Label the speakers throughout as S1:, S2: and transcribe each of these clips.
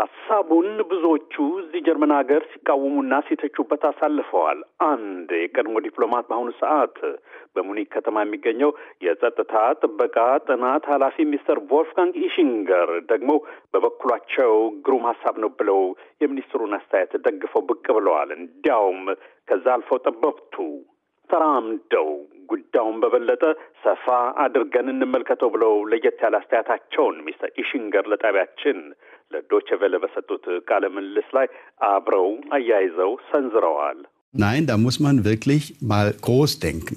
S1: ሀሳቡን ብዙዎቹ እዚህ ጀርመን ሀገር ሲቃወሙና ሲተቹበት አሳልፈዋል። አንድ የቀድሞ ዲፕሎማት በአሁኑ ሰዓት በሙኒክ ከተማ የሚገኘው የጸጥታ ጥበቃ ጥናት ኃላፊ ሚስተር ቮልፍጋንግ ኢሽንገር ደግሞ በበኩላቸው ግሩም ሀሳብ ነው ብለው የሚኒስትሩን አስተያየት ደግፈው ብቅ ብለዋል። እንዲያውም ከዛ አልፈው ጠበብቱ ተራምደው ጉዳዩን በበለጠ ሰፋ አድርገን እንመልከተው ብለው ለየት ያለ አስተያየታቸውን ሚስተር ኢሽንገር ለጣቢያችን ለዶቸ ቬለ በሰጡት ቃለ ምልልስ ላይ አብረው አያይዘው ሰንዝረዋል።
S2: Nein, da muss man wirklich mal groß denken.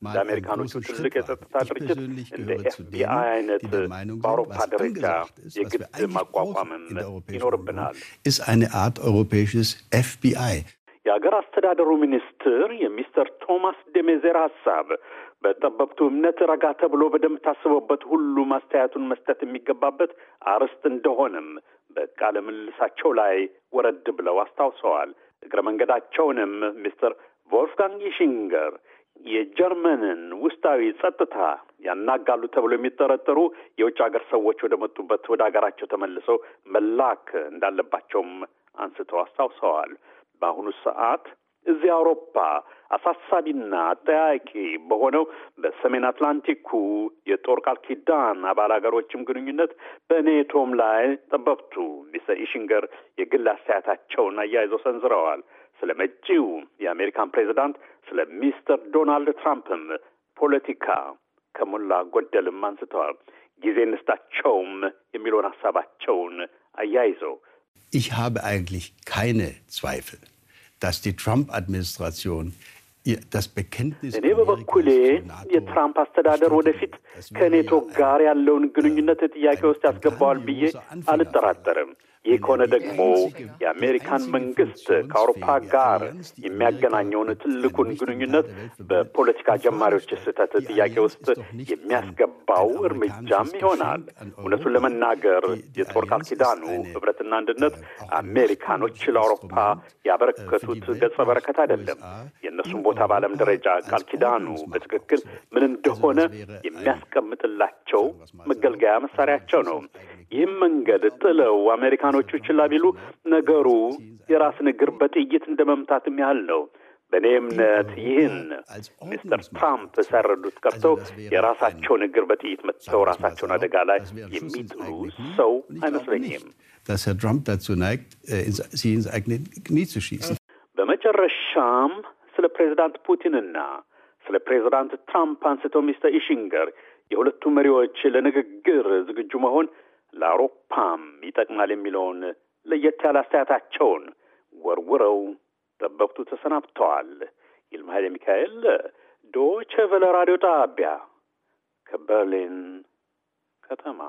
S1: mal eine große Schritt persönlich gehöre zu denen, die Meinung sind, was
S2: ist, eine Art europäisches FBI.
S1: የአገር አስተዳደሩ ሚኒስትር የሚስተር ቶማስ ደሜዜር ሀሳብ በጠበብቱ እምነት ረጋ ተብሎ በደንብ ታስቦበት ሁሉም አስተያየቱን መስጠት የሚገባበት አርዕስት እንደሆነም በቃለ ምልልሳቸው ላይ ወረድ ብለው አስታውሰዋል። እግረ መንገዳቸውንም ሚስተር ቮልፍጋንግ ይሽንገር የጀርመንን ውስጣዊ ጸጥታ ያናጋሉ ተብሎ የሚጠረጠሩ የውጭ ሀገር ሰዎች ወደ መጡበት ወደ ሀገራቸው ተመልሰው መላክ እንዳለባቸውም አንስተው አስታውሰዋል። በአሁኑ ሰዓት እዚህ አውሮፓ አሳሳቢና አጠያቂ በሆነው በሰሜን አትላንቲኩ የጦር ቃል ኪዳን አባል ሀገሮችም ግንኙነት በኔቶም ላይ ጠበብቱ ሚስተር ኢሽንገር የግል አስተያየታቸውን አያይዘው ሰንዝረዋል። ስለ መጪው የአሜሪካን ፕሬዚዳንት ስለ ሚስተር ዶናልድ ትራምፕም ፖለቲካ ከሞላ ጎደልም አንስተዋል። ጊዜ እንስጣቸውም የሚለውን ሀሳባቸውን አያይዘው
S2: ich habe eigentlich keine Zweifel, dass die Trump-Administration das Bekenntnis እኔ
S1: በበኩሌ የትራምፕ አስተዳደር ወደፊት ከኔቶ ጋር ያለውን ግንኙነት ጥያቄ ውስጥ ያስገባዋል ብዬ አልጠራጠርም። ይህ ከሆነ ደግሞ የአሜሪካን መንግስት ከአውሮፓ ጋር የሚያገናኘውን ትልቁን ግንኙነት በፖለቲካ ጀማሪዎች ስህተት ጥያቄ ውስጥ የሚያስገባው እርምጃም ይሆናል። እውነቱን ለመናገር የጦር ቃል ኪዳኑ ህብረትና አንድነት አሜሪካኖች ለአውሮፓ ያበረከቱት ገጸ በረከት አይደለም። የእነሱን ቦታ በዓለም ደረጃ ቃል ኪዳኑ በትክክል ምን እንደሆነ የሚያስቀምጥላቸው መገልገያ መሳሪያቸው ነው። ይህም መንገድ ጥለው አሜሪካኖቹ ችላ ቢሉ ነገሩ የራስን እግር በጥይት እንደ መምታትም ያህል ነው። በእኔ እምነት ይህን ሚስተር ትራምፕ ሳይረዱት ቀርተው የራሳቸውን እግር በጥይት መጥተው ራሳቸውን አደጋ ላይ የሚጥሉ ሰው አይመስለኝም። በመጨረሻም ስለ ፕሬዚዳንት ፑቲንና ስለ ፕሬዚዳንት ትራምፕ አንስተው ሚስተር ኢሽንገር የሁለቱ መሪዎች ለንግግር ዝግጁ መሆን ለአውሮፓም ይጠቅማል የሚለውን ለየት ያለ አስተያየታቸውን ወርውረው ጠበብቱ ተሰናብተዋል። ይልማ ኃይለ ሚካኤል ዶቼ ራዲዮ ጣቢያ ከበርሊን ከተማ